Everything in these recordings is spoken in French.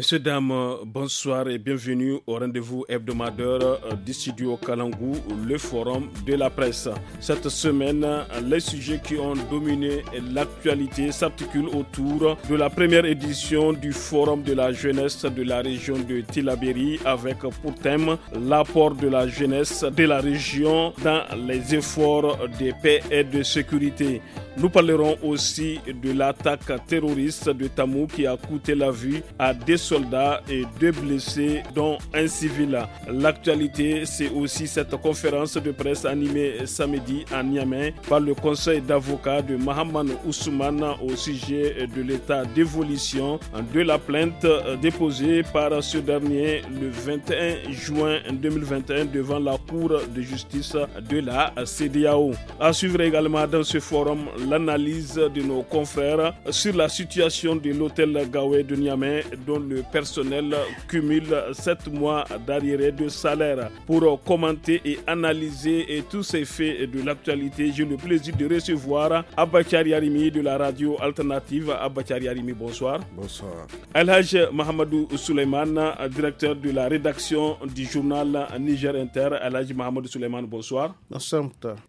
Messieurs, dames, bonsoir et bienvenue au rendez-vous hebdomadaire euh, du studio Kalangou, le forum de la presse. Cette semaine, les sujets qui ont dominé l'actualité s'articulent autour de la première édition du forum de la jeunesse de la région de Tilaberi avec pour thème l'apport de la jeunesse de la région dans les efforts de paix et de sécurité. Nous parlerons aussi de l'attaque terroriste de Tamou qui a coûté la vie à des soldats et deux blessés, dont un civil. L'actualité, c'est aussi cette conférence de presse animée samedi à Niamey par le conseil d'avocats de Mahaman Ousmane au sujet de l'état d'évolution de la plainte déposée par ce dernier le 21 juin 2021 devant la Cour de justice de la CDAO. À suivre également dans ce forum l'analyse de nos confrères sur la situation de l'hôtel Gawé de Niamey dont le personnel cumule 7 mois d'arriérés de salaire. Pour commenter et analyser tous ces faits de l'actualité, j'ai le plaisir de recevoir Abakari Yarimi de la radio alternative. Abakari Yarimi, bonsoir. Bonsoir. Alhaj Mohamedou Suleiman, directeur de la rédaction du journal Niger Inter. Alhaj Mohamedou Suleiman, bonsoir. Bonsoir.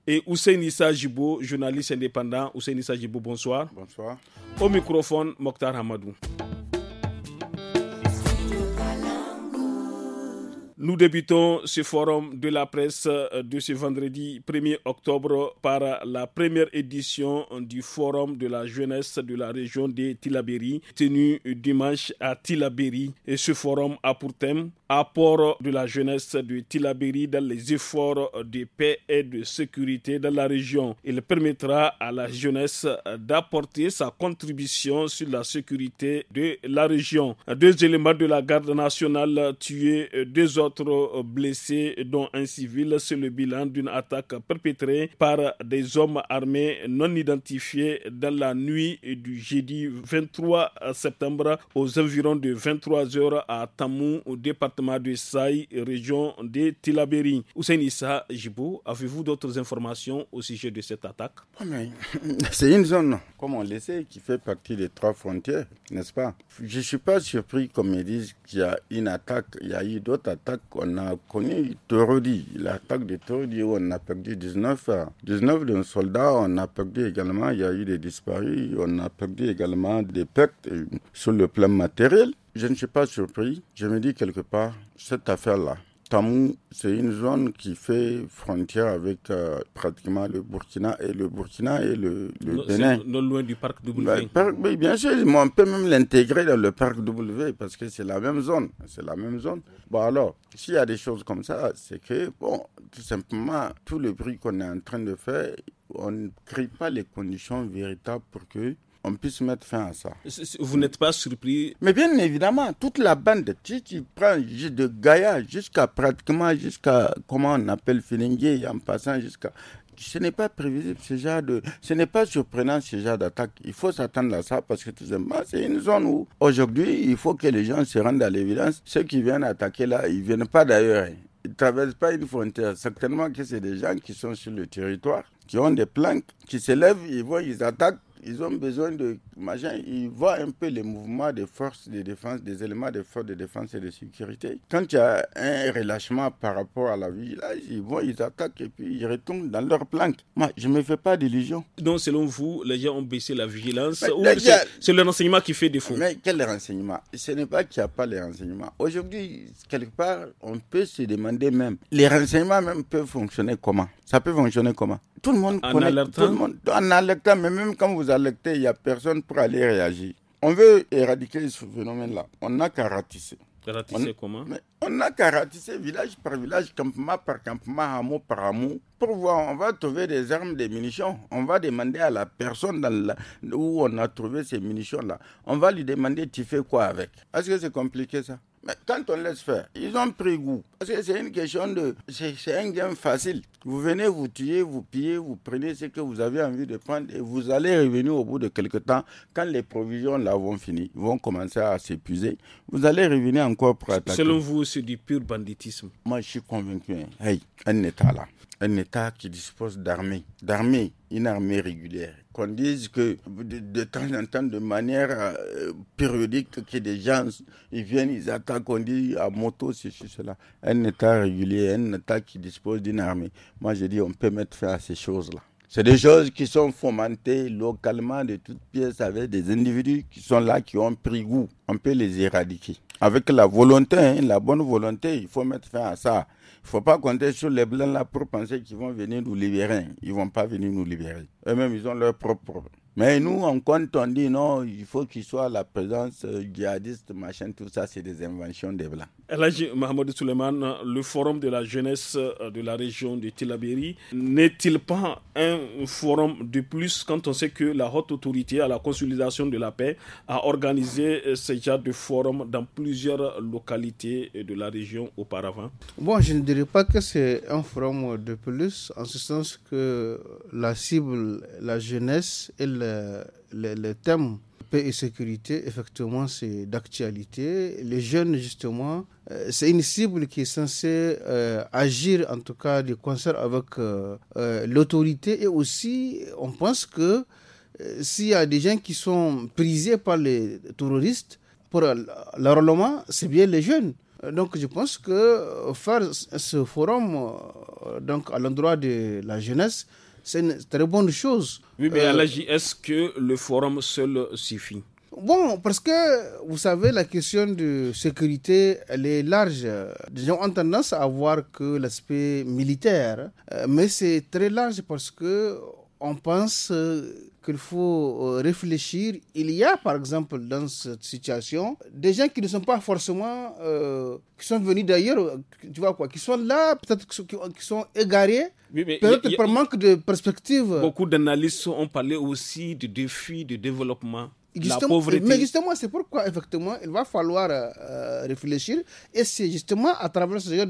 Et Hussein Issa Jibo, journaliste indépendant. Hussein Issa Jibo, bonsoir. Bonsoir. Au microphone, Mokhtar Hamadou. Nous débutons ce forum de la presse euh, de ce vendredi 1er octobre par la première édition du forum de la jeunesse de la région de Tilaberi, tenu dimanche à Tilaberi. Et ce forum a pour thème apport de la jeunesse de Tilaberi dans les efforts de paix et de sécurité dans la région. Il permettra à la jeunesse d'apporter sa contribution sur la sécurité de la région. Deux éléments de la garde nationale tués, deux autres blessés, dont un civil, c'est le bilan d'une attaque perpétrée par des hommes armés non identifiés dans la nuit du jeudi 23 septembre aux environs de 23 heures à Tamou, au département département de Saï, région de Tilaberi. Hussein Issa Jibou, avez-vous d'autres informations au sujet de cette attaque ah, C'est une zone, comme on le sait, qui fait partie des trois frontières, n'est-ce pas Je ne suis pas surpris, comme ils disent, qu'il y a une attaque, il y a eu d'autres attaques qu'on a connu Torodi, l'attaque de Torodi où on a perdu 19, 19 de soldats, on a perdu également, il y a eu des disparus, on a perdu également des pertes euh, sur le plan matériel je ne suis pas surpris. Je me dis quelque part, cette affaire-là, Tamou, c'est une zone qui fait frontière avec euh, pratiquement le Burkina et le Burkina et le, le non, loin du parc W. Ben, bien sûr, on peut même l'intégrer dans le parc W parce que c'est la même zone. C'est la même zone. Bon alors, s'il y a des choses comme ça, c'est que, bon, tout simplement, tout le bruit qu'on est en train de faire, on ne crée pas les conditions véritables pour que on puisse mettre fin à ça. Vous n'êtes pas surpris Mais bien évidemment, toute la bande, si tu prends de Gaïa jusqu'à pratiquement, jusqu'à, comment on appelle Filingué, en passant jusqu'à... Ce n'est pas prévisible ce genre de... Ce n'est pas surprenant ce genre d'attaque. Il faut s'attendre à ça parce que tout simplement, c'est une zone où aujourd'hui, il faut que les gens se rendent à l'évidence. Ceux qui viennent attaquer là, ils ne viennent pas d'ailleurs. Hein. Ils ne traversent pas une frontière. Certainement que c'est des gens qui sont sur le territoire, qui ont des planques, qui se lèvent, ils voient, ils attaquent ils ont besoin de machin. Ils voient un peu les mouvements des forces de défense, des éléments des forces de défense et de sécurité. Quand il y a un relâchement par rapport à la vigilance, ils vont, ils attaquent et puis ils retournent dans leur planque. Moi, je ne me fais pas d'illusions. Donc, selon vous, les gens ont baissé la vigilance ou c'est le renseignement qui fait défaut Mais quel renseignement Ce n'est pas qu'il n'y a pas les renseignements. Aujourd'hui, quelque part, on peut se demander même, les renseignements même peuvent fonctionner comment Ça peut fonctionner comment tout le monde connaît. Tout le monde, en alertant, mais même quand vous alertez, il n'y a personne pour aller réagir. On veut éradiquer ce phénomène-là. On n'a qu'à ratisser. Ratisser comment On n'a qu'à ratisser village par village, campement par campement, hameau par hameau, pour voir. On va trouver des armes, des munitions. On va demander à la personne où on a trouvé ces munitions-là. On va lui demander tu fais quoi avec. Est-ce que c'est compliqué ça mais quand on laisse faire, ils ont pris goût. Parce que c'est une question de. C'est un game facile. Vous venez, vous tuez, vous pillez, vous prenez ce que vous avez envie de prendre et vous allez revenir au bout de quelques temps. Quand les provisions là vont finir, vont commencer à s'épuiser, vous allez revenir encore pour attaquer. Selon vous, c'est du pur banditisme Moi, je suis convaincu. Hein. Hey, un État là un État qui dispose d'armées, d'armée, une armée régulière, qu'on dise que de, temps en temps, de manière euh, périodique, que des gens ils viennent, ils attaquent, qu'on dit à moto, ceci, cela. Un État régulier, un État qui dispose d'une armée. Moi, je dis, on peut mettre fin à ces choses-là. C'est des choses qui sont fomentées localement de toutes pièces avec des individus qui sont là, qui ont pris goût. On peut les éradiquer. Avec la volonté, hein, la bonne volonté, il faut mettre fin à ça. Il ne faut pas compter sur les Blancs là pour penser qu'ils vont venir nous libérer. Ils vont pas venir nous libérer. Eux-mêmes, ils ont leurs propres problèmes. Mais nous, en compte, on dit non, il faut qu'il soit la présence euh, djihadiste, machin, tout ça, c'est des inventions des Blancs. Là, Mohamed Suleiman, le forum de la jeunesse euh, de la région de Tilaberi n'est-il pas un forum de plus quand on sait que la haute autorité à la consolidation de la paix a organisé euh, ce genre de forum dans plusieurs localités de la région auparavant Bon, je ne dirais pas que c'est un forum de plus, en ce sens que la cible, la jeunesse est le, thème paix et sécurité, effectivement, c'est d'actualité. Les jeunes, justement, euh, c'est une cible qui est censée euh, agir, en tout cas, de concert avec euh, l'autorité. Et aussi, on pense que s'il y a des gens qui sont prisés par les terroristes, pour l'enrôlement, c'est bien les jeunes. Donc, je pense que faire ce forum donc à l'endroit de la jeunesse, c'est une très bonne chose. Oui, mais à euh, est-ce que le forum seul suffit Bon, parce que vous savez, la question de sécurité, elle est large. Les gens ont tendance à voir que l'aspect militaire, euh, mais c'est très large parce que on pense euh, qu'il faut euh, réfléchir. Il y a, par exemple, dans cette situation, des gens qui ne sont pas forcément, euh, qui sont venus d'ailleurs, tu vois quoi, qui sont là, peut-être qui sont égarés, peut-être par manque de perspective. Beaucoup d'analystes ont parlé aussi du défi du développement mais justement, c'est pourquoi, effectivement, il va falloir euh, euh, réfléchir. Et c'est justement à travers ce genre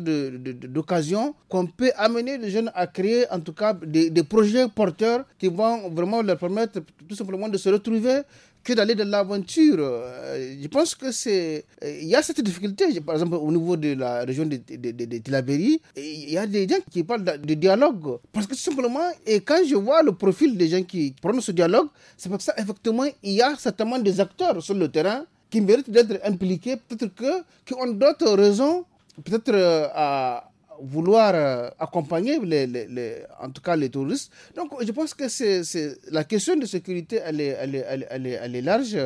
d'occasion qu'on peut amener les jeunes à créer, en tout cas, des, des projets porteurs qui vont vraiment leur permettre tout simplement de se retrouver que d'aller de l'aventure. Euh, je pense que c'est. Euh, il y a cette difficulté. Par exemple, au niveau de la région de, de, de, de il y a des gens qui parlent de, dialogue. Parce que tout simplement, et quand je vois le profil des gens qui prennent ce dialogue, c'est parce que ça, effectivement, il y a certainement des acteurs sur le terrain qui méritent d'être impliqués, peut-être que qui ont d'autres raisons, peut-être euh, à vouloir euh, accompagner, les, en tout cas les touristes. Donc je pense que c'est la question de sécurité, elle est, elle est, elle est, elle est large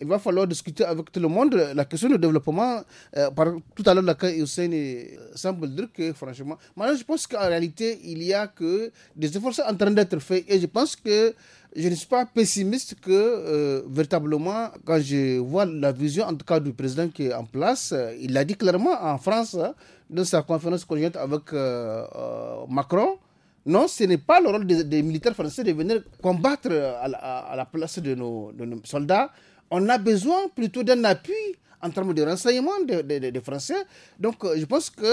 il va falloir discuter avec tout le monde. La question du développement, euh, par, tout à l'heure, la Hussein euh, semble dire que, franchement, maintenant, je pense qu'en réalité, il y a que des efforts sont en train d'être faits. Et je pense que je ne suis pas pessimiste que, véritablement, quand je vois la vision, en tout cas, du président qui est en place, il l'a dit clairement en France. Hein, dans sa conférence conjointe avec euh, euh, Macron, non, ce n'est pas le rôle des, militaires français de venir combattre euh, à la, place de nos, soldats. On a besoin plutôt d'un appui en termes de renseignement des Français. Donc, je pense qu'on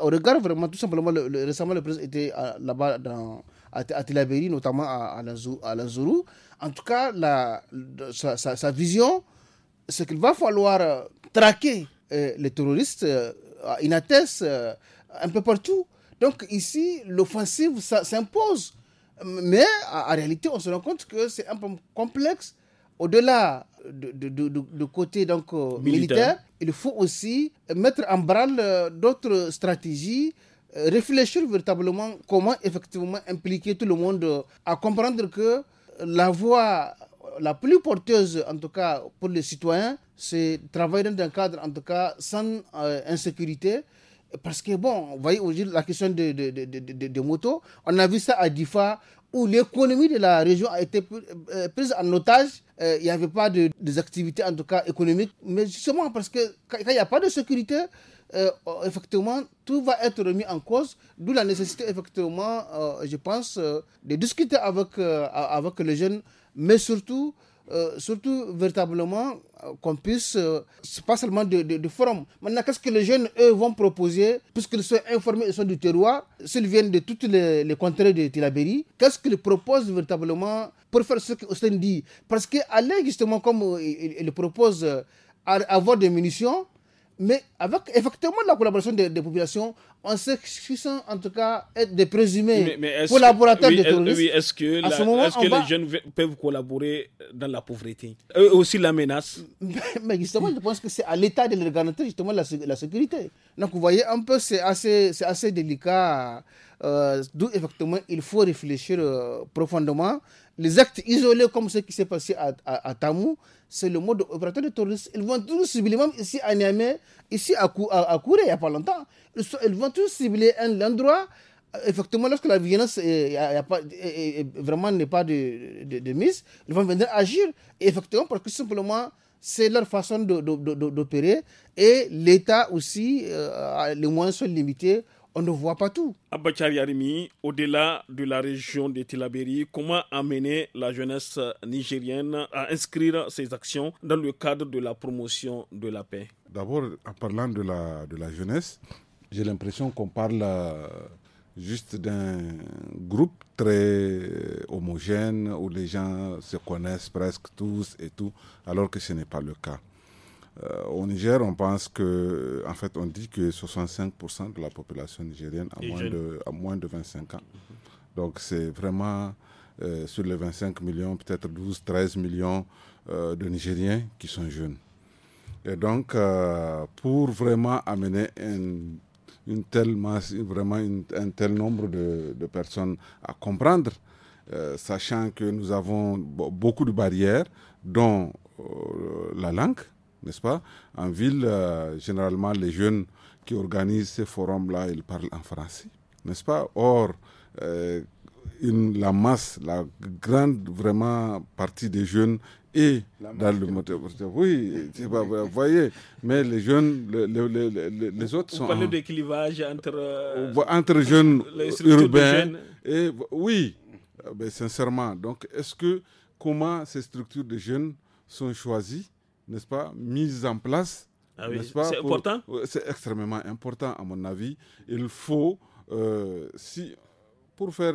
regarde vraiment tout simplement, le, récemment, le président était là-bas à, notamment à, à, la, En tout cas, sa, sa vision, c'est qu'il va falloir traquer euh, les terroristes euh, inattestent euh, un peu partout. Donc ici, l'offensive s'impose. Mais en réalité, on se rend compte que c'est un peu complexe. Au-delà du de, de, côté donc, militaire. il faut aussi mettre en branle d'autres stratégies, réfléchir véritablement comment effectivement impliquer tout le monde à comprendre que la voie la plus porteuse, en tout cas pour les citoyens, c'est travailler dans un cadre, en tout cas, sans euh, insécurité. Parce que, bon, vous voyez aujourd'hui la question des de, de, motos, on a vu ça à Difa, où l'économie de la région a été euh, prise en otage. Euh, il n'y avait pas de, des activités, en tout cas économiques. Mais justement, parce que quand il n'y a pas de sécurité, effectivement, tout va être remis en cause. D'où la nécessité, effectivement, je pense, de discuter avec, avec les jeunes mais surtout, euh, surtout véritablement euh, qu'on puisse, euh, ce n'est pas seulement de, de, forum. Maintenant, qu'est-ce que les jeunes, eux, vont proposer, puisqu'ils sont informés, ils sont du terroir, s'ils viennent de toutes les, les contrées de Tilaberi, qu'est-ce qu'ils proposent véritablement pour faire ce que dit Parce qu'aller, justement, comme ils propose, avoir des munitions, mais avec effectivement la collaboration des, populations, en s'excusant en tout cas être des présumés collaborateurs que, oui, des terroristes. est-ce que, ce que les jeunes peuvent collaborer dans la pauvreté euh, aussi la menace. Mais, justement, je pense que c'est à l'État de leur garantir justement la, la sécurité. Donc vous voyez un peu, c'est assez, assez délicat. Euh, d'où effectivement, il faut réfléchir euh, profondément. Les actes isolés comme ce qui s'est passé à, Tamou, c'est le mode opérateur de terroristes. Ils vont tous cibler, même ici à Niamey, ici à, Kouré, il n'y a pas longtemps. Ils, vont tous cibler un endroit. Euh, effectivement, lorsque la violence vraiment n'est pas de, mise, ils vont venir agir. effectivement, parce que simplement, c'est leur façon d'opérer. Et l'État aussi, les moyens sont limités on ne voit pas tout. Abachar Yarimi, au-delà de la région de Tilaberi, comment amener la jeunesse nigérienne à inscrire ses actions dans le cadre de la promotion de la paix D'abord, en parlant de la, de la jeunesse, j'ai l'impression qu'on parle euh, juste d'un groupe très homogène où les gens se connaissent presque tous et tout, alors que ce n'est pas le cas. Euh, au Niger, on pense que, en fait, on dit que 65% de la population nigérienne a moins, de, moins, de, 25 ans. Mhm. Donc c'est vraiment euh, sur les 25 millions, peut-être 12, 13 millions euh, de Nigériens qui sont jeunes. Et donc, pour vraiment amener un, une telle masse, vraiment un tel nombre de, de personnes à comprendre, sachant que nous avons beaucoup de barrières, dont la langue, n'est-ce pas En ville, euh, généralement, les jeunes qui organisent ces forums-là, ils parlent en français, n'est-ce pas Or, euh, la masse, la grande vraiment partie des jeunes est dans le moteur. Oui, vous voyez, mais les jeunes, les, autres sont... Vous parlez clivage entre... Euh, entre jeunes urbains. Et, oui, ben, sincèrement. Donc, est-ce que, comment ces structures de jeunes sont choisies n'est-ce pas, mise en place. Ah oui, c'est important C'est extrêmement important, à mon avis. Il faut, euh, si, pour faire,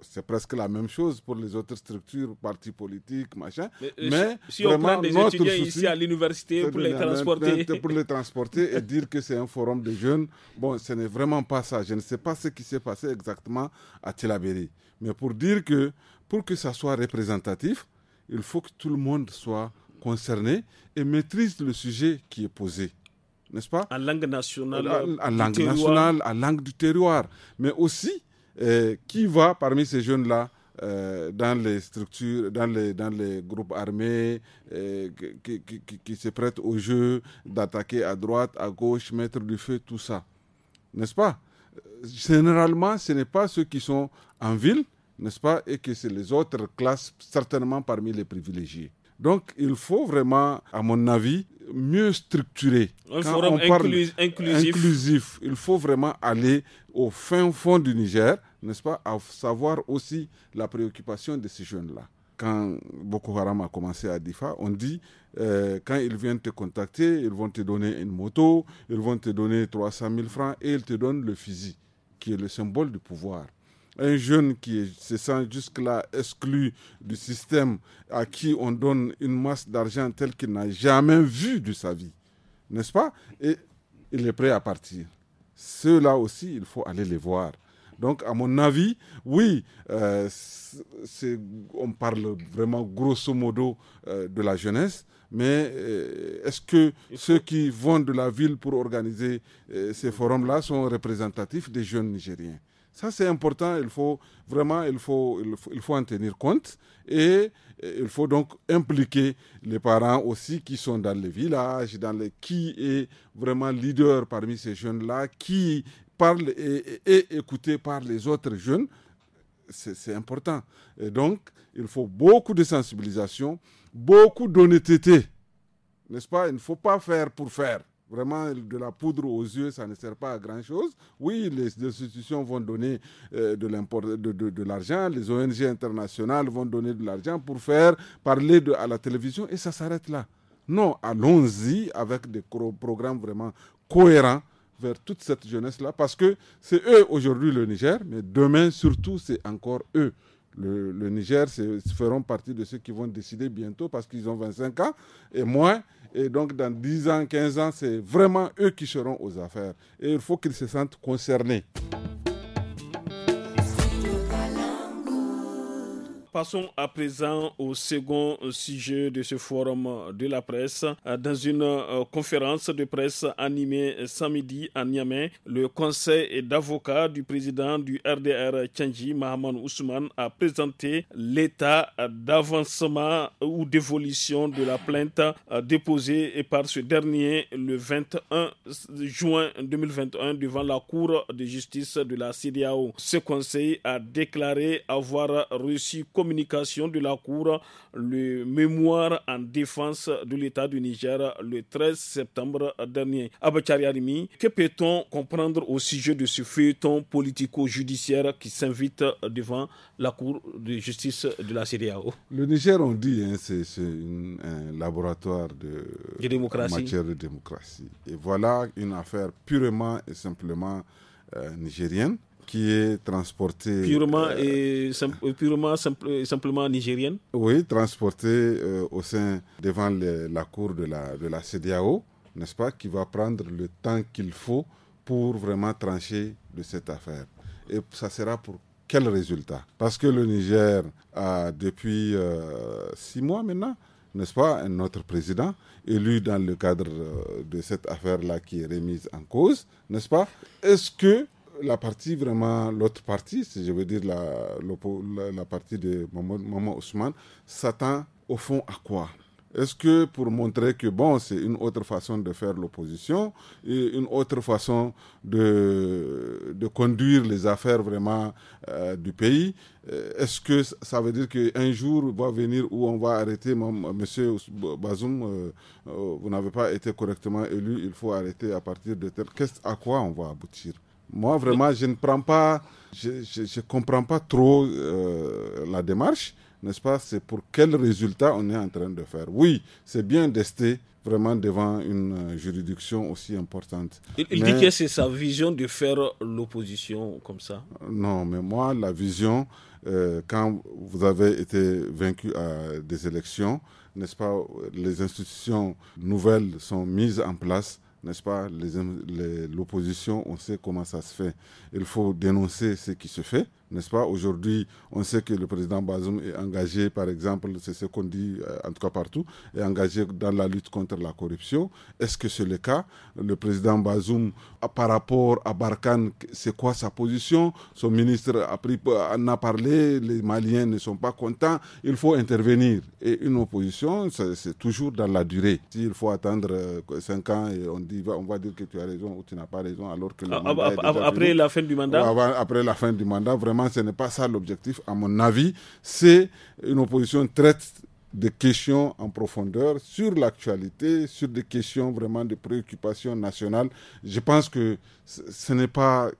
c'est presque la même chose pour les autres structures, partis politiques, machin. Mais, euh, si, vraiment, on prend des étudiants ici à l'université pour les transporter. Pour les transporter et dire que c'est un forum de jeunes, bon, ce n'est vraiment pas ça. Je ne sais pas ce qui s'est passé exactement à Tilaberi. Mais pour dire que, pour que ça soit représentatif, il faut que tout le monde soit concerné et maîtrise le sujet qui est posé. N'est-ce pas En langue nationale. En, langue nationale, à langue du terroir. Mais aussi, euh, qui va parmi ces jeunes-là euh, dans les structures, dans les, dans les groupes armés euh, qui, qui, se prêtent au jeu d'attaquer à droite, à gauche, mettre du feu, tout ça. N'est-ce pas Généralement, ce n'est pas ceux qui sont en ville n'est-ce pas, et que c'est les autres classes certainement parmi les privilégiés. Donc, il faut vraiment, à mon avis, mieux structurer. Un forum inclusif. Il faut vraiment aller au fin fond du Niger, n'est-ce pas, à savoir aussi la préoccupation de ces jeunes-là quand Boko Haram a commencé à Difa, on dit euh, quand ils viennent te contacter, ils vont te donner une moto, ils vont te donner 300 000 francs et ils te donnent le fusil, qui est le symbole du pouvoir un jeune qui se sent jusque-là exclu du système, à qui on donne une masse d'argent telle qu'il n'a jamais vu de sa vie, n'est-ce pas Et il est prêt à partir. Ceux-là aussi, il faut aller les voir. Donc, à mon avis, oui, euh, on parle vraiment grosso modo euh, de la jeunesse, mais euh, est-ce que ceux qui vont de la ville pour organiser ces forums-là sont représentatifs des jeunes Nigériens ça, c'est important. Il faut vraiment, il faut, il faut, en tenir compte. Et il faut donc impliquer les parents aussi qui sont dans les villages, dans les, qui est vraiment leader parmi ces jeunes-là, qui parle et est écouté par les autres jeunes. C'est important. Et donc, il faut beaucoup de sensibilisation, beaucoup d'honnêteté. N'est-ce pas Il ne faut pas faire pour faire. Vraiment, de la poudre aux yeux, ça ne sert pas à grand-chose. Oui, les institutions vont donner euh, de l'argent, les ONG internationales vont donner de l'argent pour faire parler de, à la télévision et ça s'arrête là. Non, allons-y avec des programmes vraiment cohérents vers toute cette jeunesse-là, parce que c'est eux aujourd'hui le Niger, mais demain surtout c'est encore eux. Le, Niger, Niger, feront partie de ceux qui vont décider bientôt parce qu'ils ont 25 ans et moi, et donc, dans 10 ans, 15 ans, c'est vraiment eux qui seront aux affaires. Et il faut qu'ils se sentent concernés. Passons à présent au second sujet de ce forum de la presse. Dans une euh, conférence de presse animée samedi à Niamey, le conseil d'avocats du président du RDR Tchangi, Mahaman Ousmane, a présenté l'état d'avancement ou d'évolution de la plainte euh, déposée par ce dernier le 21 juin 2021 devant la Cour de justice de la CDAO. Ce conseil a déclaré avoir reçu communication de la Cour, le mémoire en défense de l'État du Niger le 13 septembre dernier. Abachari Arimi, que peut-on comprendre au sujet de ce feuilleton politico-judiciaire qui s'invite devant la Cour de justice de la CDAO Le Niger, on dit, hein, c'est un laboratoire de, matière de démocratie. Et voilà une affaire purement et simplement euh, nigérienne qui est transportée. Purement euh, et, euh, purement euh, simplement nigérienne Oui, transportée au sein, devant la cour de la, de la CDAO, n'est-ce pas, qui va prendre le temps qu'il faut pour vraiment trancher de cette affaire. Et ça sera pour quel résultat Parce que le Niger a, depuis six mois maintenant, n'est-ce pas, notre président, élu dans le cadre de cette affaire-là qui est remise en cause, n'est-ce pas Est-ce que la partie vraiment, l'autre partie, si je veux dire la, la, partie de Maman, Ousmane, s'attend au fond à quoi est-ce que pour montrer que bon, c'est une autre façon de faire l'opposition et une autre façon de, de conduire les affaires vraiment euh, du pays, euh, est-ce que ça veut dire qu'un jour va venir où on va arrêter Monsieur Bazoum, euh, vous n'avez pas été correctement élu, il faut arrêter à partir de tel. Qu'est-ce à quoi on va aboutir moi, vraiment, je ne prends pas, je comprends pas trop euh, la démarche, n'est-ce pas C'est pour quel résultat on est en train de faire. Oui, c'est bien d'ester vraiment devant une euh, juridiction aussi importante. Il, dit que c'est sa vision de faire l'opposition comme ça. Non, mais moi, la vision, euh, quand vous avez été vaincu à des élections, n'est-ce pas, les institutions nouvelles sont mises en place n'est-ce pas, l'opposition, on sait comment ça se fait. Il faut dénoncer ce qui se fait, n'est-ce pas Aujourd'hui, on sait que le président Bazoum est engagé, par exemple, c'est ce qu'on dit euh, en tout cas partout, est engagé dans la lutte contre la corruption. Est-ce que c'est le cas Le président Bazoum, ah, par rapport à Barkhane, c'est quoi sa position Son ministre a pris, en a parlé, les Maliens ne sont pas contents, il faut intervenir. Et une opposition, c'est toujours dans la durée. S'il faut attendre 5 euh, ans et on, dit, on va dire que tu as raison ou tu n'as pas raison, alors que... Le ah, ah, après la fin du mandat Après la fin du mandat, vraiment ce n'est pas ça l'objectif. À mon avis, c'est une opposition traite des questions en profondeur sur l'actualité, sur des questions vraiment de préoccupation nationale Je pense que ce n'est pas euh,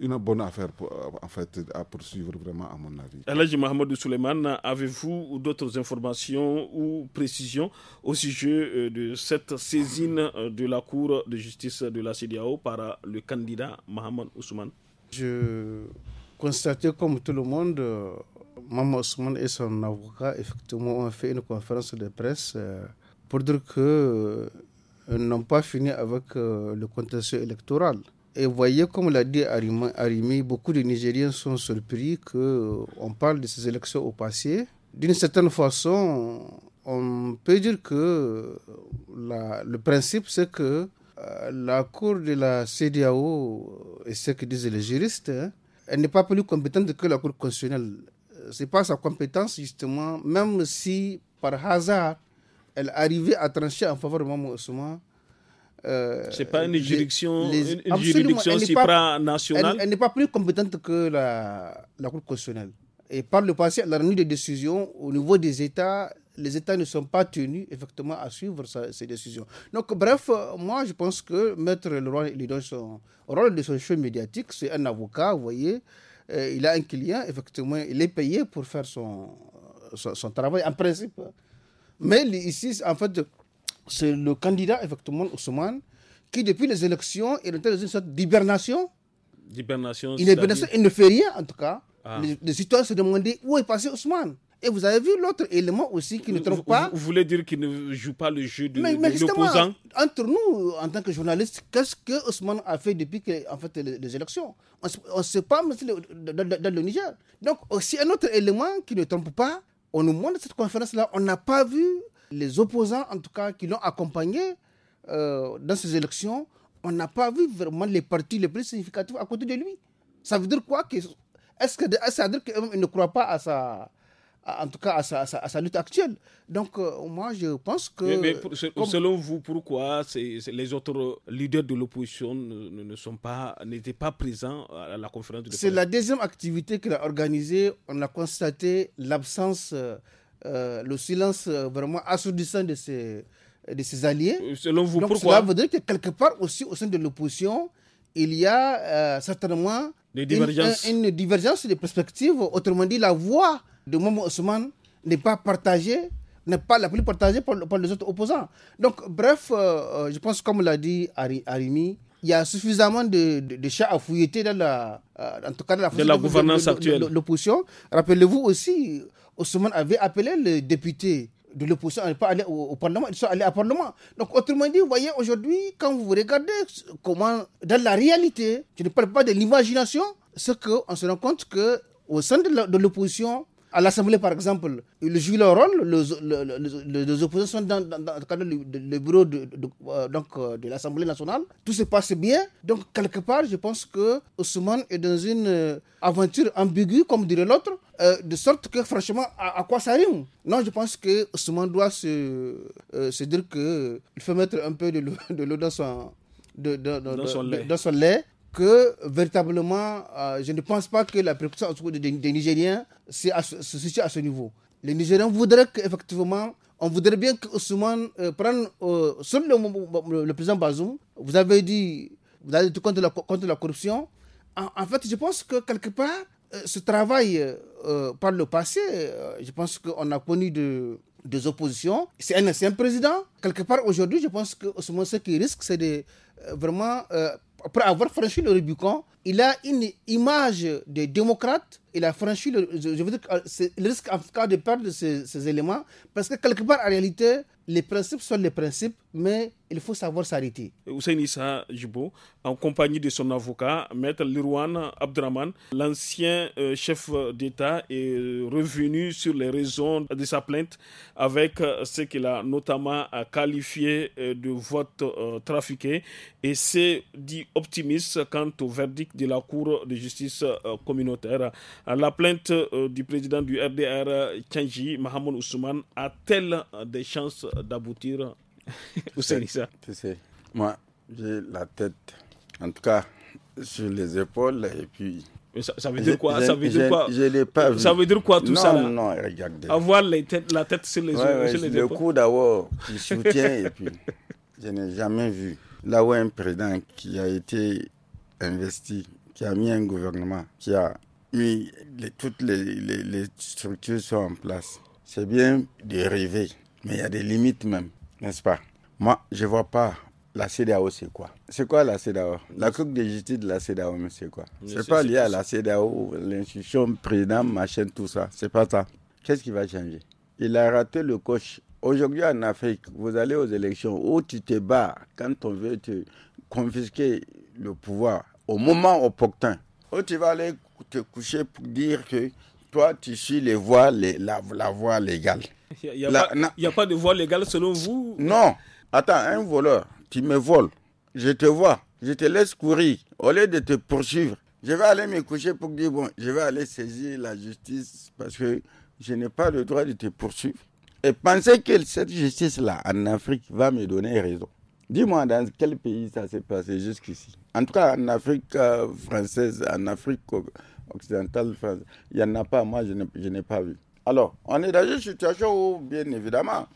une bonne affaire euh, en fait, à poursuivre vraiment à mon avis. de Mohamed Souleymane, avez-vous d'autres informations ou précisions au sujet euh, de cette saisine de la Cour de justice de la CDAO par le candidat Mohamed Ousmane Je constater, comme tout le monde, euh, Maman Ousmane et son avocat, effectivement, ont fait une conférence de presse euh, pour dire qu'ils euh, n'ont pas fini avec le contentieux électoral. Et voyez, comme l'a dit Arimi, beaucoup de Nigériens sont surpris qu'on parle de ces élections au passé. D'une certaine façon, on peut dire que le principe, c'est que la Cour de la CDAO, et ce que disent les juristes, hein, elle n'est pas plus compétente que la Cour constitutionnelle. Euh, c'est pas sa compétence, justement, même si par hasard, elle arrivait à trancher en faveur de Maman Ousmane. Euh, c'est pas une juridiction, une, supranationale. Elle, n'est pas plus compétente que la, la Cour constitutionnelle. Et par le passé, elle a rendu des décisions au niveau des États les États ne sont pas tenus effectivement à suivre ces décisions. Donc, bref, euh, moi, je pense que Maître Laurent il donne son rôle de son chef médiatique, c'est un avocat, vous voyez, euh, il a un client, effectivement, il est payé pour faire son, euh, son, travail, en principe. Mais ici, en fait, c'est le candidat, effectivement, Ousmane, qui, depuis les élections, est dans une sorte d'hibernation. D'hibernation, il, il ne fait rien, en tout cas. Ah. Les, les, citoyens se demandaient où est passé Ousmane. Et vous avez vu l'autre élément aussi qui ne trompe pas. Vous, voulez dire qu'il ne joue pas le jeu de, l'opposant Entre nous, en tant que journaliste, qu'est-ce que Osman a fait depuis que, en fait, les, élections On ne sait pas mais dans, le Niger. Donc, aussi un autre élément qui ne trompe pas, on nous montre cette conférence-là, on n'a pas vu les opposants, en tout cas, qui l'ont accompagné euh, dans ces élections. On n'a pas vu vraiment les partis les plus significatifs à côté de lui. Ça veut dire quoi que, Est-ce que ça veut dire qu'il ne croit pas à sa en tout cas à sa, lutte actuelle. Donc euh, moi je pense que... Mais, selon vous, pourquoi les autres leaders de l'opposition ne, sont pas, n'étaient pas présents à la conférence de C'est la deuxième activité qu'il a organisée. On a constaté l'absence, euh, euh, le silence vraiment assourdissant de ses, de ses alliés. Selon vous, Donc, pourquoi Cela veut dire que quelque part aussi au sein de l'opposition, il y a certainement une, une, une divergence de perspectives. Autrement dit, la voix de Momo Ousmane n'est pas partagé, n'est pas la plus partagée par, les autres opposants. Donc, bref, euh, euh, je pense, comme l'a dit Arimi, il y a suffisamment de, chats à fouilleter dans la, euh, en tout cas dans la, de la gouvernance actuelle. L'opposition. Rappelez-vous aussi, Ousmane avait appelé les députés de l'opposition à ne pas aller au, Parlement, ils sont allés au Parlement. Donc, autrement dit, vous voyez, aujourd'hui, quand vous regardez comment, dans la réalité, je ne parle pas de l'imagination, c'est qu'on se rend compte que au sein de l'opposition, à l'Assemblée, par exemple, ils jouent leur rôle, les, les, oppositions sont dans, dans, cadre du le bureau de, euh, euh, de l'Assemblée nationale. Tout se passe bien. Donc, quelque part, je pense que Ousmane est dans une euh, aventure ambiguë, comme dirait l'autre, de sorte que, franchement, à, quoi ça rime Non, je pense que Ousmane doit se, se dire qu'il faut mettre un peu de l'eau dans son, dans son lait que véritablement, euh, je ne pense pas que la préoccupation des, Nigériens se, situe à ce niveau. Les Nigériens voudraient qu'effectivement, on voudrait bien que Ousmane euh, prenne euh, le, président Bazoum. Vous avez dit, vous avez dit contre la, la corruption. En, fait, je pense que quelque part, ce travail par le passé, je pense qu'on a connu de, des oppositions. C'est un ancien président. Quelque part, aujourd'hui, je pense que ce qui risque, c'est de vraiment après avoir franchi le Rubicon, il a une image de démocrate. Il a franchi le, euh, risque en tout cas de perdre ces, éléments parce que quelque part, en réalité, les principes sont les principes, mais il faut savoir s'arrêter. Hussein Issa Jibo, en compagnie de son avocat, Maître Lirouane Abdraman, l'ancien euh, chef d'État, est euh, revenu sur les raisons de sa plainte avec ce qu'il a notamment qualifié de vote trafiqué et c'est dit optimiste quant au verdict de la Cour de justice euh, communautaire. La plainte euh, du président du RDR, Tchangi Mahamoud Ousmane, a-t-elle euh, des chances d'aboutir au Tu sais, moi, j'ai la tête, en tout cas, sur les épaules et puis ça, veut dire quoi Ça veut dire quoi l'ai pas Ça veut dire quoi tout non, ça Non, regardez. Avoir la tête sur les yeux. le coup d'abord qui soutient et puis je n'ai jamais vu. Là où un président qui a été investi, qui a mis un gouvernement, qui a mis toutes les, structures sont en place. C'est bien de rêver, mais il y a des limites même, n'est-ce pas Moi, je ne vois pas la CDAO, c'est quoi C'est quoi la CDAO La Coupe de justice de la CDAO, c'est quoi C'est pas lié à la CDAO, l'institution président, machin, tout ça. C'est pas ça. Qu'est-ce qui va changer Il a raté le coche. Aujourd'hui en Afrique, vous allez aux élections où tu te bats quand on veut te confisquer le pouvoir au moment opportun. Oh, tu vas aller te coucher pour dire que toi, tu suis les voies, la, voie légale. Il n'y a, pas de voie légale selon vous Non. Attends, un voleur, tu me voles, je te vois, je te laisse courir. Au lieu de te poursuivre, je vais aller me coucher pour dire, bon, je vais aller saisir la justice parce que je n'ai pas le droit de te poursuivre. Et pensez que cette justice-là en Afrique va me donner raison. Dis-moi dans quel pays ça s'est passé jusqu'ici. En tout cas, en Afrique euh, française, en Afrique occidentale il n'y en a pas. Moi, je n'ai pas vu. Alors, on est dans une situation où, bien évidemment,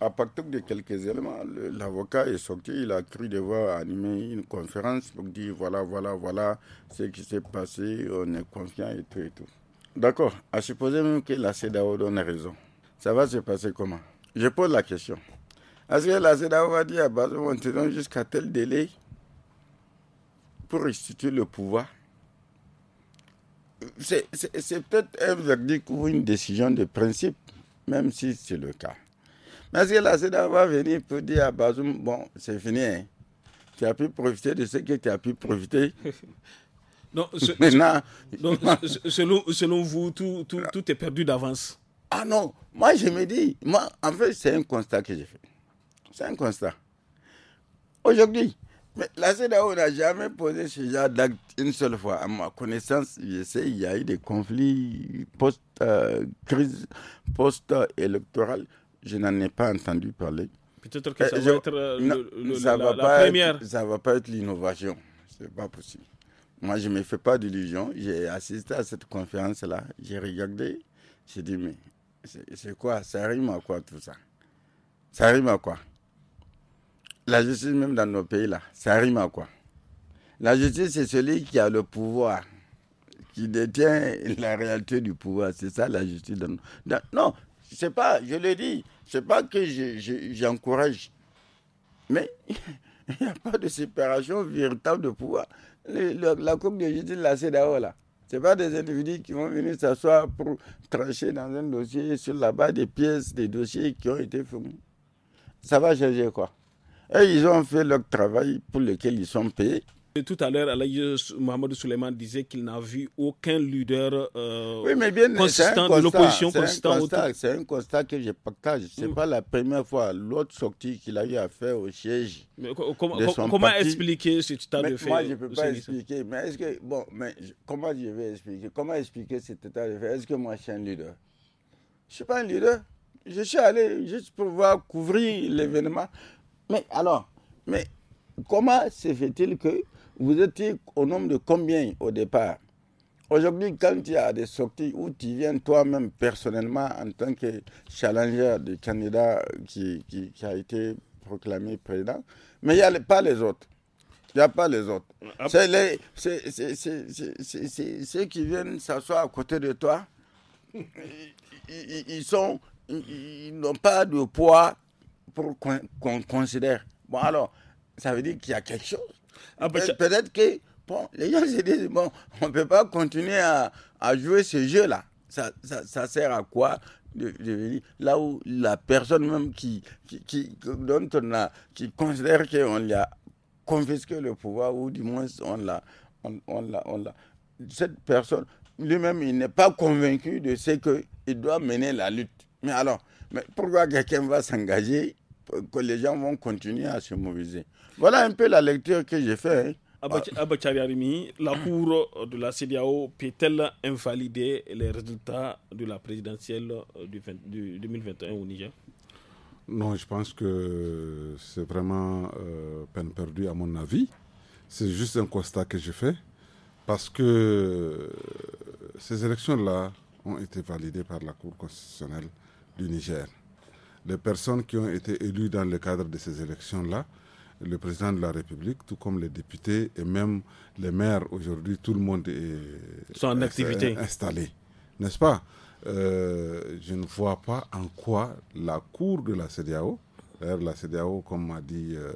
à partir de quelques éléments, l'avocat est sorti, il a cru devoir animer une conférence pour dire voilà, voilà, voilà ce qui s'est passé, on est confiant et tout et tout. D'accord, à supposer même que la CEDAO donne raison, ça va se passer comment Je pose la question. Parce que la CEDAO va dire à Bazoum, te donne jusqu'à tel délai pour restituer le pouvoir. C'est peut-être un verdict ou une décision de principe, même si c'est le cas. Mais que la CEDAO va venir pour dire à Bazoum, bon, c'est fini, hein. tu as pu profiter de ce que tu as pu profiter. non, Maintenant, selon, selon, vous, tout, tout, tout est perdu d'avance. Ah non, moi je me dis, moi, en fait, c'est un constat que j'ai fait. C'est un constat. Aujourd'hui, la CEDAO n'a jamais posé ce genre d'acte une seule fois. À ma connaissance, je sais, il y a eu des conflits post-crise, post-électorale. Je n'en ai pas entendu parler. Peut-être que euh, ça va être euh, la, pas Être, ça va pas être l'innovation. C'est pas possible. Moi, je ne me fais pas d'illusions. J'ai assisté à cette conférence-là. J'ai regardé. J'ai dit, mais c'est quoi Ça rime à quoi tout ça Ça rime à quoi la justice même dans nos pays là, ça rime à quoi La justice, c'est celui qui a le pouvoir, qui détient la réalité du pouvoir. C'est ça la justice. Dans, non, c'est pas, je le dis, c'est pas que j'encourage, mais il n'y a pas de séparation véritable de pouvoir. la Cour de justice, la CEDAO là, ce pas des individus qui vont venir s'asseoir pour trancher dans un dossier sur la base des pièces, des dossiers qui ont été fournis. Ça va changer quoi et ils ont fait leur travail pour lequel ils sont payés. tout à l'heure, Mohamed Souleymane disait qu'il n'a vu aucun leader constant euh, oui, mais bien, de l'opposition C'est un constat que je partage. Ce n'est hmm. pas la première fois, l'autre sortie qu'il a eu à faire au siège. Mais, comment expliquer ce état de fait Moi, je ne peux pas expliquer. Mais est-ce que. Bon, mais comment je vais expliquer Comment expliquer cet état de fait Est-ce que moi, je suis un leader Je ne suis pas un leader. Je suis allé juste pour voir couvrir l'événement. Mais alors, mais comment se fait-il que vous étiez au nombre de combien au départ Aujourd'hui, quand il y a des sorties où tu viens toi-même personnellement en tant que challenger du candidat qui, a été proclamé président, mais il n'y a pas les autres. Il n'y a pas les autres. C'est ceux qui viennent s'asseoir à côté de toi. ils ils n'ont pas de poids pour qu'on considère. Bon, alors, ça veut dire qu'il y a quelque chose. Ah, bah, peut-être que bon, les gens se disent bon, on ne peut pas continuer à, jouer ce jeu-là. Ça, ça, sert à quoi de, Là où la personne même qui, qui, dont on a, qui considère qu'on lui a confisqué le pouvoir, ou du moins on l'a. On, on Cette personne, lui-même, il n'est pas convaincu de ce qu'il doit mener la lutte. Mais alors, mais pourquoi quelqu'un va s'engager que les gens vont continuer à se mobiliser. Voilà un peu la lecture que j'ai faite. Hein. Ah, Abba ah. la Cour de la CDAO peut-elle invalider les résultats de la présidentielle du, 2021 au Niger Non, je pense que c'est vraiment euh, peine perdue à mon avis. C'est juste un constat que je fais parce que euh, ces élections-là ont été validées par la Cour constitutionnelle du Niger les personnes qui ont été élues dans le cadre de ces élections-là, le président de la République, tout comme les députés et même les maires aujourd'hui, tout le monde est, installé. N'est-ce pas euh, Je ne vois pas en quoi la Cour de la CDAO, la CDAO, comme m'a dit euh,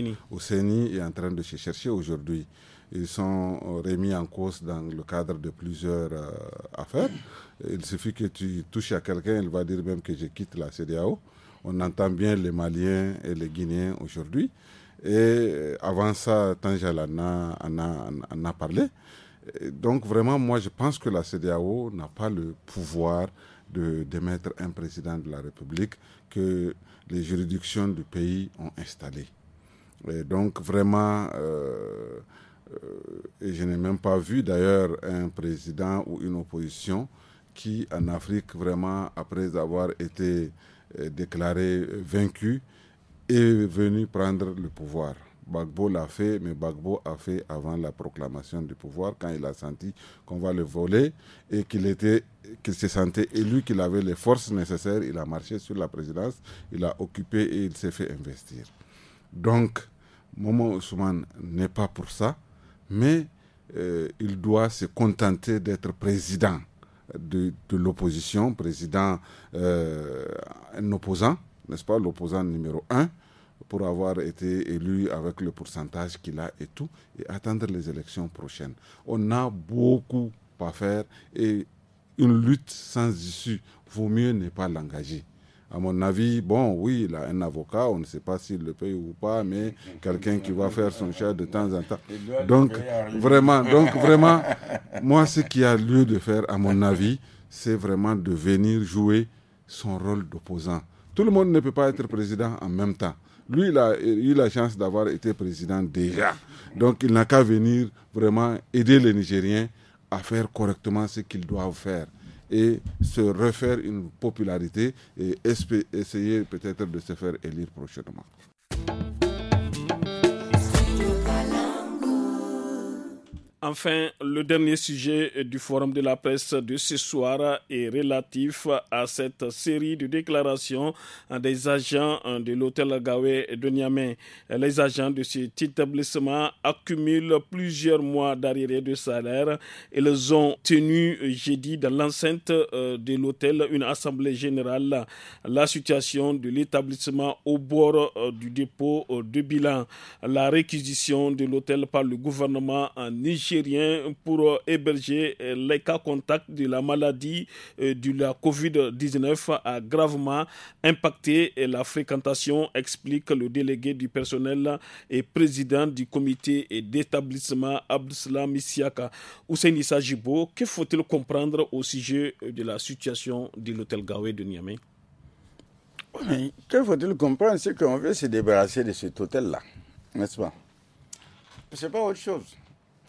est en train de se chercher aujourd'hui ils sont euh, remis en cause dans le cadre de plusieurs euh, affaires. Il suffit que tu touches à quelqu'un, il va dire même que je quitte la CDAO. On entend bien les Maliens et les Guinéens aujourd'hui. Et euh, avant ça, Tangel en a, en a, parlé. donc vraiment, moi, je pense que la CDAO n'a pas le pouvoir de démettre un président de la République que les juridictions du pays ont installé. Et donc vraiment, euh, et je n'ai même pas vu d'ailleurs un président ou une opposition qui, en Afrique, vraiment, après avoir été euh, déclaré euh, vaincu, est venu prendre le pouvoir. Bagbo l'a fait, mais Bagbo a fait avant la proclamation du pouvoir, quand il a senti qu'on va le voler et qu'il était, qu'il se sentait élu, qu'il avait les forces nécessaires, il a marché sur la présidence, il a occupé et il s'est fait investir. Donc, Momo Ousmane n'est pas pour ça mais euh, il doit se contenter d'être président de, l'opposition, président, euh, un opposant, n'est-ce pas, l'opposant numéro un, pour avoir été élu avec le pourcentage qu'il a et tout, et attendre les élections prochaines. On a beaucoup à faire et une lutte sans issue, vaut mieux ne pas l'engager à mon avis, bon, oui, il a un avocat, on ne sait pas s'il le paye ou pas, mais quelqu'un qui va faire son chat de temps en temps. Donc, vraiment, donc, vraiment, moi, ce qui a lieu de faire, à mon avis, c'est vraiment de venir jouer son rôle d'opposant. Tout le monde ne peut pas être président en même temps. Lui, il a eu la chance d'avoir été président déjà. Donc, il n'a qu'à venir vraiment aider les Nigériens à faire correctement ce qu'ils doivent faire et se refaire une popularité et essayer peut-être de se faire élire prochainement. Enfin, le dernier sujet du forum de la presse de ce soir est relatif à cette série de déclarations des agents de l'hôtel Gawé de Niamey. Les agents de cet établissement accumulent plusieurs mois d'arriérés de salaire. Ils ont tenu jeudi dans l'enceinte euh, de l'hôtel une assemblée générale. La situation de l'établissement au bord euh, du dépôt euh, de bilan, la réquisition de l'hôtel par le gouvernement en Niger pour euh, héberger euh, les cas contacts de la maladie euh, de la COVID-19 a gravement impacté la fréquentation, explique le délégué du personnel et président du comité d'établissement Abdeslam Missiaka. Hussein que faut-il comprendre au sujet de la situation de l'hôtel Gawé de Niamey que faut-il comprendre C'est qu'on veut se débarrasser de cet hôtel-là, n'est-ce pas C'est pas autre chose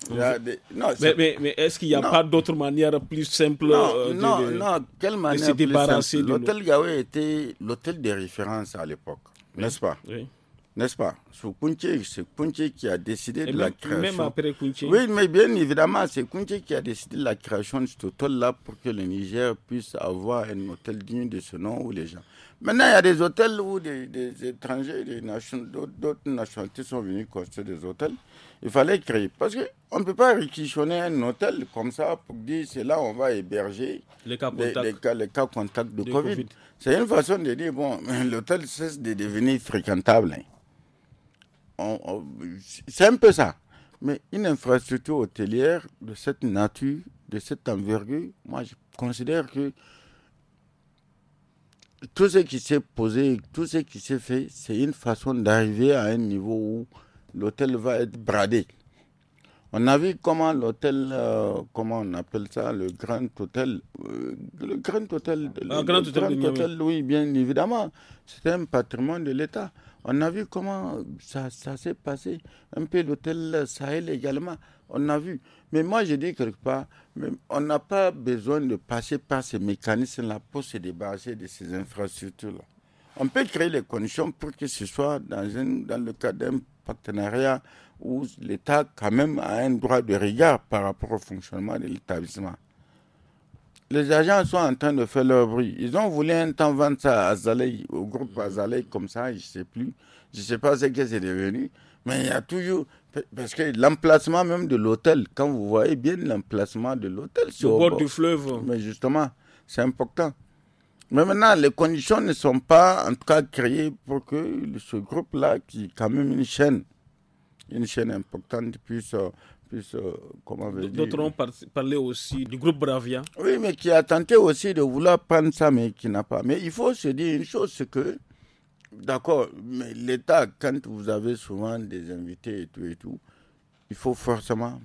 mais, mais, est-ce qu'il n'y a pas d'autre euh, manière plus simple non, de, non, se débarrasser L'hôtel Yahweh était l'hôtel de référence à l'époque, n'est-ce pas N'est-ce pas C'est Kunche qui a décidé de la création. Oui, mais bien évidemment, c'est qui a décidé de la création de cet hôtel-là pour que le Niger puisse avoir un hôtel digne de ce nom ou les gens. Maintenant, il y a des hôtels où des, des étrangers, d'autres nationalités sont venus construire des hôtels. Il fallait créer. Parce qu'on ne peut pas réquisitionner un hôtel comme ça pour dire c'est là on va héberger les cas contacts, les, cas, contacts de, COVID. COVID. C'est une façon de dire bon, l'hôtel cesse de devenir fréquentable. c'est un peu ça. Mais une infrastructure hôtelière de cette nature, de cette envergure, moi je considère que tout ce qui s'est posé, tout ce qui s'est fait, c'est une façon d'arriver à un niveau où l'hôtel va être bradé. On a vu comment l'hôtel, euh, comment on appelle ça, le grand hôtel, euh, le grand hôtel, ah, le, grand, hôtel, oui, bien évidemment, c'est un patrimoine de l'État. On a vu comment ça, s'est passé, un peu l'hôtel Sahel également, on a vu. Mais moi, je dis quelque part, on n'a pas besoin de passer par ces mécanismes-là pour se débarrasser de ces infrastructures-là. On peut créer les conditions pour que ce soit dans, une, dans le cadre d'un partenariat où l'État quand même a un droit de regard par rapport au fonctionnement de l'établissement. Les agents sont en train de faire leur bruit. Ils ont voulu un temps vendre ça à au groupe Azalei, comme ça, je ne sais plus. Je ne sais pas ce que c'est devenu. Mais il y a toujours. Parce que l'emplacement même de l'hôtel, quand vous voyez bien l'emplacement de l'hôtel, sur le bord du fleuve. Mais justement, c'est important. Mais maintenant, les conditions ne sont pas, en tout cas, créées pour que ce groupe-là, qui est quand même une chaîne, une chaîne importante, puisse, puisse comment D'autres ont parlé aussi du groupe Bravia. Oui, mais qui a tenté aussi de vouloir prendre ça, mais qui n'a pas. Mais il faut se dire une chose, c'est que, d'accord, mais l'État, quand vous avez souvent des invités et tout et tout, il faut forcément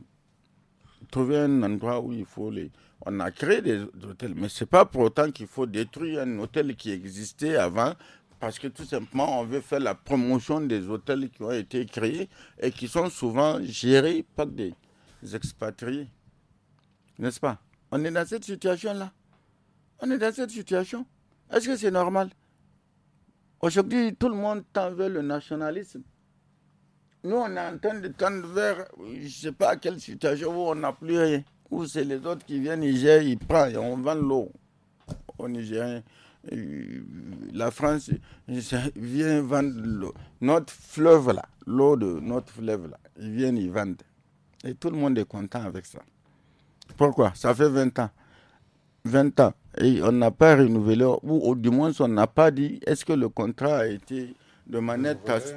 trouver un endroit où il faut les on a créé des hôtels, mais ce n'est pas pour autant qu'il faut détruire un hôtel qui existait avant, parce que tout simplement, on veut faire la promotion des hôtels qui ont été créés et qui sont souvent gérés par des expatriés. N'est-ce pas On est dans cette situation-là. On est dans cette situation. Est-ce que c'est normal Aujourd'hui, tout le monde tend vers le nationalisme. Nous, on est en train de tendre vers, je ne sais pas quelle situation où on n'a plus rien ou c'est les autres qui viennent, Niger, ils prennent, on vend l'eau au Nigerien. La France vient vendre Notre fleuve là, l'eau de notre fleuve là, ils viennent, ils vendent. Et tout le monde est content avec ça. Pourquoi Ça fait 20 ans. 20 ans. Et on n'a pas renouvelé, ou, du moins on n'a pas dit, est-ce que le contrat a été de manière tacite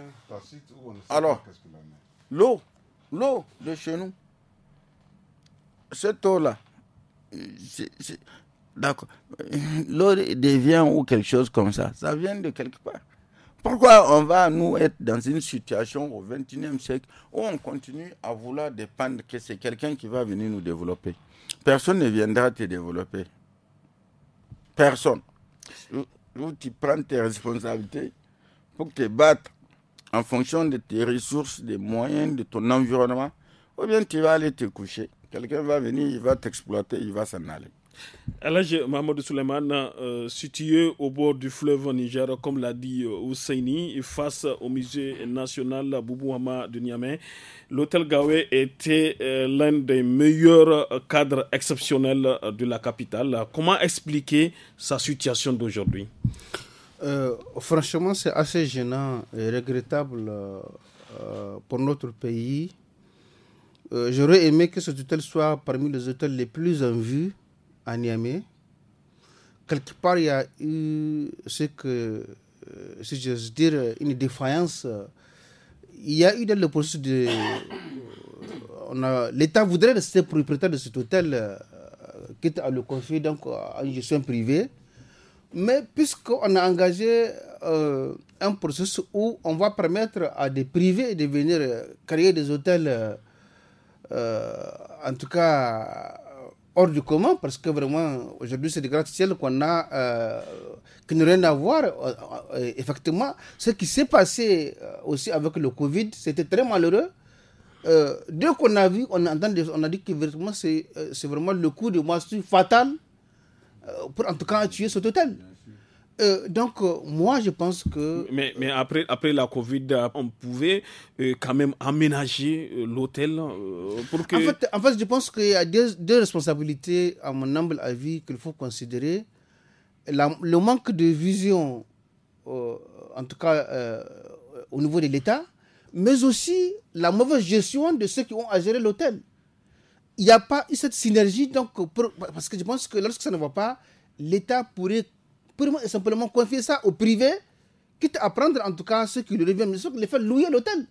Alors, l'eau, l'eau de chez nous, cette eau là d'accord, l'eau devient ou quelque chose comme ça, ça vient de quelque part. Pourquoi on va nous être dans une situation au XXIe siècle où on continue à vouloir dépendre que c'est quelqu'un qui va venir nous développer Personne ne viendra te développer. Personne. Où tu prends tes responsabilités pour te battre en fonction de tes ressources, des moyens, de ton environnement, ou bien tu vas aller te coucher. Quelqu'un va venir, il va t'exploiter, il va s'en aller. Alors, Mahmoud Suleiman, euh, situé au bord du fleuve Niger, comme l'a dit euh, Ousseini, face au musée national Boubouama de Niamey, l'hôtel Gawé était euh, l'un des meilleurs cadres exceptionnels de la capitale. Comment expliquer sa situation d'aujourd'hui Franchement, c'est assez gênant et regrettable pour notre pays euh, j'aurais aimé que cet hôtel soit parmi les hôtels les plus en vue à Niamey. Quelque part, il y a eu ce que, euh, si j'ose dire, une défaillance. Il y a eu dans le processus de. Euh, L'État voudrait rester propriétaire de cet hôtel, quitte à le confier donc, à une gestion privée. Mais puisqu'on a engagé un processus où on va permettre à des privés de venir créer des hôtels euh, en tout cas hors du commun parce que vraiment aujourd'hui c'est des gratte-ciel qu'on a euh, qui n'ont rien à voir euh, effectivement ce qui s'est passé aussi avec le Covid c'était très malheureux dès qu'on a vu on entend on a dit que vraiment c'est vraiment le coup de massue fatal pour en tout cas tuer ce totem euh, donc, euh, moi, je pense que. Mais, mais après, après la Covid, euh, on pouvait quand même aménager l'hôtel En fait, en fait, je pense qu'il y a deux, responsabilités, à mon humble avis, qu'il faut considérer. La, le manque de vision, en tout cas au niveau de l'État, mais aussi la mauvaise gestion de ceux qui ont à gérer l'hôtel. Il n'y a pas eu cette synergie, donc, parce que je pense que lorsque ça ne va pas, l'État pourrait et simplement confier ça au privé, quitte à prendre en tout cas ceux qui lui reviennent, mais les faire louer l'hôtel.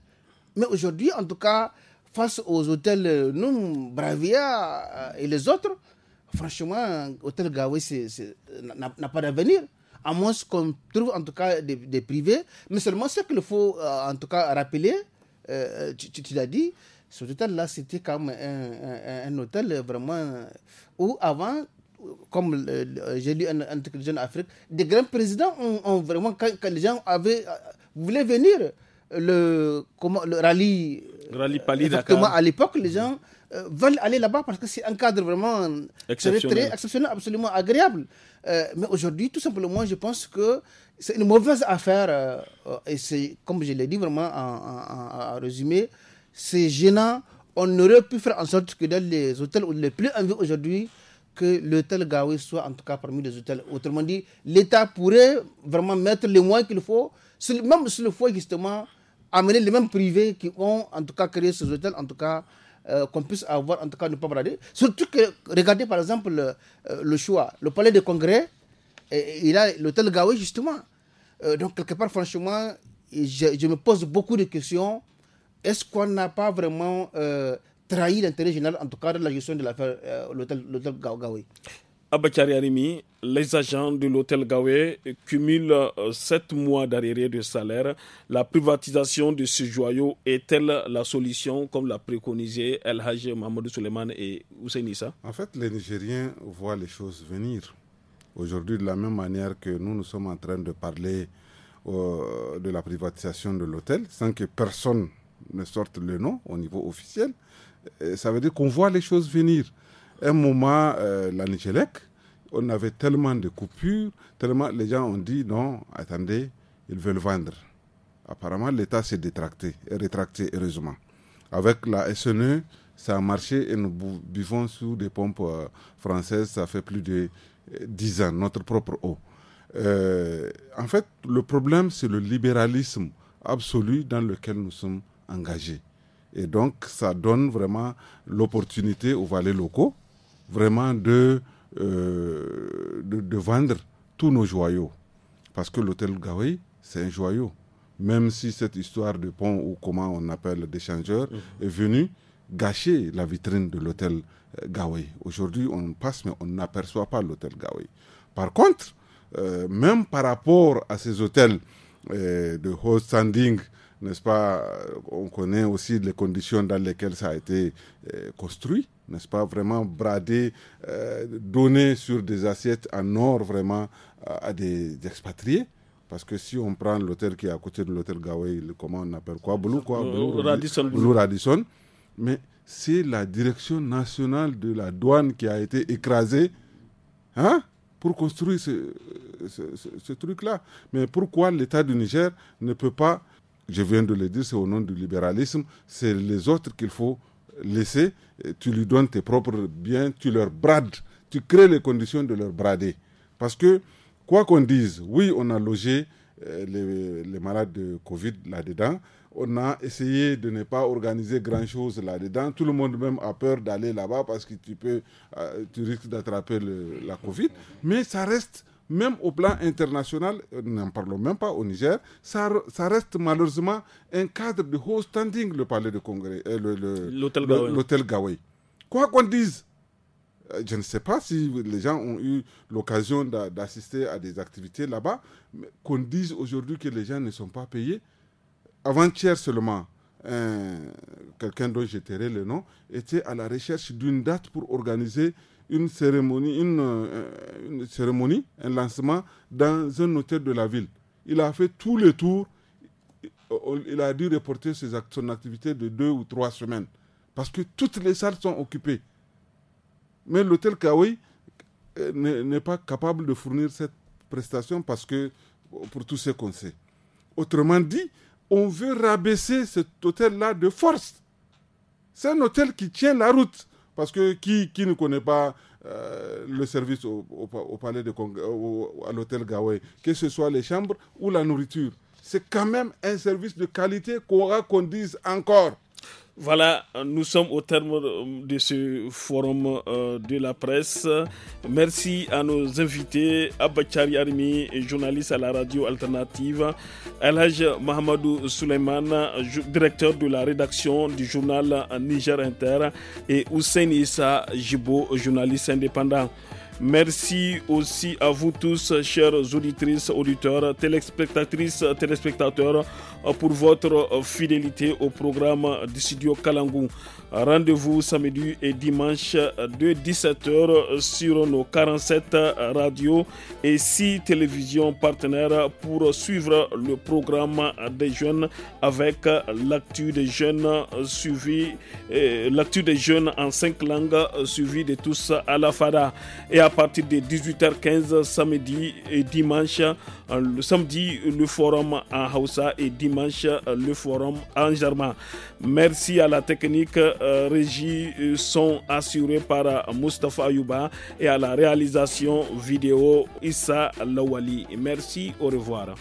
Mais aujourd'hui, en tout cas, face aux hôtels, euh, nous, Bravia euh, et les autres, franchement, hôtel Gawé n'a pas d'avenir. À moins qu'on trouve en tout cas des, privés. Mais seulement ce qu'il faut euh, en tout cas rappeler, tu, l'as dit, ce hôtel-là, c'était comme un, un, hôtel vraiment où avant, comme euh, euh, j'ai lu un article de Jeune Afrique, des grands présidents ont, vraiment, quand, les gens avaient, euh, voulaient venir, le, comment, le rallye, rallye à l'époque, les gens veulent aller là-bas parce que c'est un cadre vraiment exceptionnel. exceptionnel, absolument agréable. mais aujourd'hui, tout simplement, je pense que c'est une mauvaise affaire. et c'est, comme je l'ai dit vraiment en, en, en, résumé, c'est gênant. On aurait pu faire en sorte que dans les hôtels où les plus envie aujourd'hui, que l'hôtel Gaoui soit en tout cas parmi les hôtels. Autrement dit, l'État pourrait vraiment mettre les moyens qu'il faut, même s'il le justement, amener les mêmes privés qui ont en tout cas créé ces hôtels, en tout cas euh, qu'on puisse avoir, en tout cas ne pas brader. Surtout que, regardez par exemple euh, le, choix, le palais de congrès, et, il a l'hôtel Gaoui justement. Euh, donc quelque part, franchement, je, je, me pose beaucoup de questions. Est-ce qu'on n'a pas vraiment trahir l'intérêt général, en tout cas de la gestion de l'affaire euh, l'hôtel Gawé. Abakari Arimi, les agents de l'hôtel Gawé cumulent 7 euh, mois d'arriérés de salaire. La privatisation de ce joyau est-elle la solution comme l'a préconisé El Hajj Mahmoud Suleiman et Nissa En fait, les Nigériens voient les choses venir. Aujourd'hui, de la même manière que nous, nous sommes en train de parler euh, de la privatisation de l'hôtel sans que personne ne sorte le nom au niveau officiel, euh, ça veut dire qu'on voit les choses venir. Un moment, euh, la Nigelec, on avait tellement de coupures, tellement les gens ont dit non, attendez, ils veulent vendre. Apparemment, l'État s'est détracté, et rétracté, heureusement. Avec la SNE, ça a marché et nous buvons sous des pompes euh, françaises, ça fait plus de 10 ans, notre propre eau. en fait, le problème, c'est le libéralisme absolu dans lequel nous sommes engagé Et donc, ça donne vraiment l'opportunité aux valets locaux vraiment de, euh, de, vendre tous nos joyaux. Parce que l'hôtel Gawé, c'est un joyau. Même si cette histoire de pont ou comment on appelle d'échangeur mhm. est venue gâcher la vitrine de l'hôtel euh, Gawé. Aujourd'hui, on passe, mais on n'aperçoit pas l'hôtel Gawé. Par contre, euh, même par rapport à ces hôtels de haut standing n'est-ce pas euh, On connaît aussi les conditions dans lesquelles ça a été euh, construit, n'est-ce pas Vraiment bradé, euh, donné sur des assiettes en or vraiment à, des, expatriés. Parce que si on prend l'hôtel qui est à côté de l'hôtel Gawai, comment on appelle quoi Blue, quoi Blue, Radisson. Blue Radisson. Mais c'est la direction nationale de la douane qui a été écrasée hein, pour construire ce truc-là. Mais pourquoi l'État du Niger ne peut pas je viens de le dire, c'est au nom du libéralisme, c'est les autres qu'il faut laisser, tu lui donnes tes propres biens, tu leur brades, tu crées les conditions de leur brader. Parce que, quoi qu'on dise, oui, on a logé euh, les, malades de Covid là-dedans, on a essayé de ne pas organiser grand-chose là-dedans. Tout le monde même a peur d'aller là-bas parce que tu, peux, euh, tu risques d'attraper la Covid. Mais ça reste même au plan international, euh, n'en parlons même pas au Niger, ça, reste malheureusement un cadre de haut standing, le palais de congrès, euh, l'hôtel Gaway. Quoi qu'on dise, euh, je ne sais pas si les gens ont eu l'occasion d'assister à des activités là-bas, qu'on dise aujourd'hui que les gens ne sont pas payés. Avant-hier seulement, quelqu'un dont je le nom était à la recherche d'une date pour organiser une cérémonie, une, euh, une cérémonie, un lancement dans un hôtel de la ville. Il a fait tous les tours, Il a dû reporter ses son activité de deux ou trois semaines parce que toutes les salles sont occupées. Mais l'hôtel Kawi euh, n'est pas capable de fournir cette prestation parce que pour tous ces conseils. Autrement dit, on veut rabaisser cet hôtel-là de force. C'est un hôtel qui tient la route. Parce que qui, ne connaît pas euh, le service au, palais de à l'hôtel Gawai, que ce soit les chambres ou la nourriture, c'est quand même un service de qualité qu'on dise encore. Voilà, nous sommes au terme euh, de ce forum euh, de la presse. Merci à nos invités, Abachari Armi, journaliste à la radio alternative, Alhaj Mohamedou Suleiman, directeur de la rédaction du journal Niger Inter, et Hussein Issa Jibo, journaliste indépendant. Merci aussi à vous tous, chers auditrices, auditeurs, téléspectatrices, téléspectateurs, pour votre fidélité au programme du studio Kalangou. Rendez-vous samedi et dimanche de 17h sur nos 47 radios et 6 télévisions partenaires pour suivre le programme des jeunes avec l'actu des jeunes suivi, euh, l'actu des jeunes en cinq langues suivi de tous à la FADA. Et à à partir de 18h15 samedi et dimanche. Euh, le samedi, le forum en Hausa et dimanche, euh, le forum en Germain. Merci à la technique. Euh, régie sont assurés par Mustafa Yuba et à la réalisation vidéo Issa Lawali. Merci, au revoir.